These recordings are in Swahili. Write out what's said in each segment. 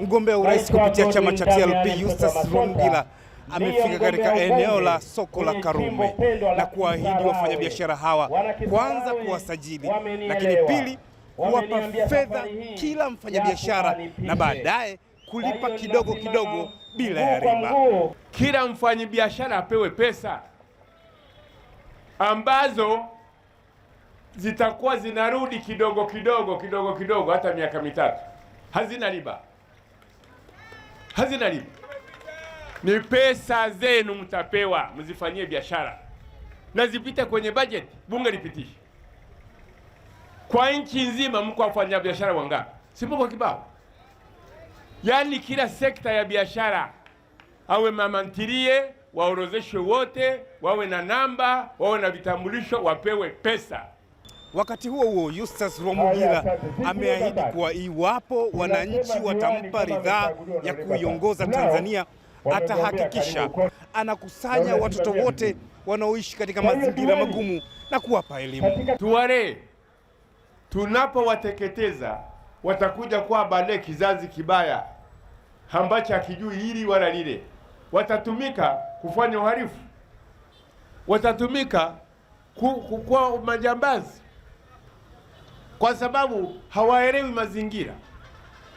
Mgombea urais kupitia chama cha TLP Eustace Rungila amefika katika eneo la soko la Karume na kuahidi wafanyabiashara hawa kwanza kuwasajili, lakini pili kuwapa fedha kila mfanyabiashara na baadaye kulipa kidogo kidogo bila ya riba. Kila mfanyabiashara apewe pesa ambazo zitakuwa zinarudi kidogo kidogo kidogo kidogo, hata miaka mitatu hazina riba hazina riba, ni pesa zenu mtapewa, mzifanyie biashara na zipite kwenye budget, bunge lipitishe. Kwa nchi nzima mko wafanya biashara wangapi? Simpo kibao, yaani kila sekta ya biashara awe mamantirie waorozeshwe wote, wawe na namba, wawe na vitambulisho, wapewe pesa. Wakati huo huo, Eustace Rwamugira ameahidi kuwa iwapo wananchi watampa ridhaa ya kuiongoza Tanzania, atahakikisha anakusanya watoto wote wanaoishi katika mazingira magumu na kuwapa elimu. Tuwalee, tunapowateketeza watakuja kuwa baadaye kizazi kibaya ambacho hakijui hili wala lile. Watatumika kufanya uhalifu, watatumika kuwa majambazi kwa sababu hawaelewi mazingira.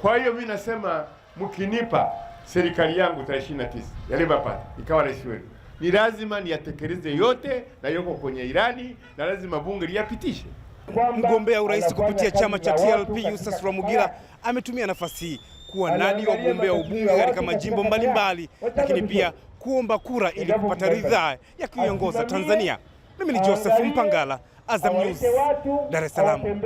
Kwa hiyo mimi nasema mkinipa serikali yangu tarehe 29 ya Leba Party ikawa rais wenu, ni lazima niyatekeleze yote na yoko kwenye ilani na lazima bunge liyapitishe. Mgombea urais kupitia chama cha TLP yusas Rwamugira ametumia nafasi hii kuwa nadi wagombea ubunge katika majimbo mbalimbali, lakini pia kuomba kura ili kupata ridhaa ya kuiongoza Tanzania. Mimi ni Joseph Mpangala, Azam News, Dar es Salaam.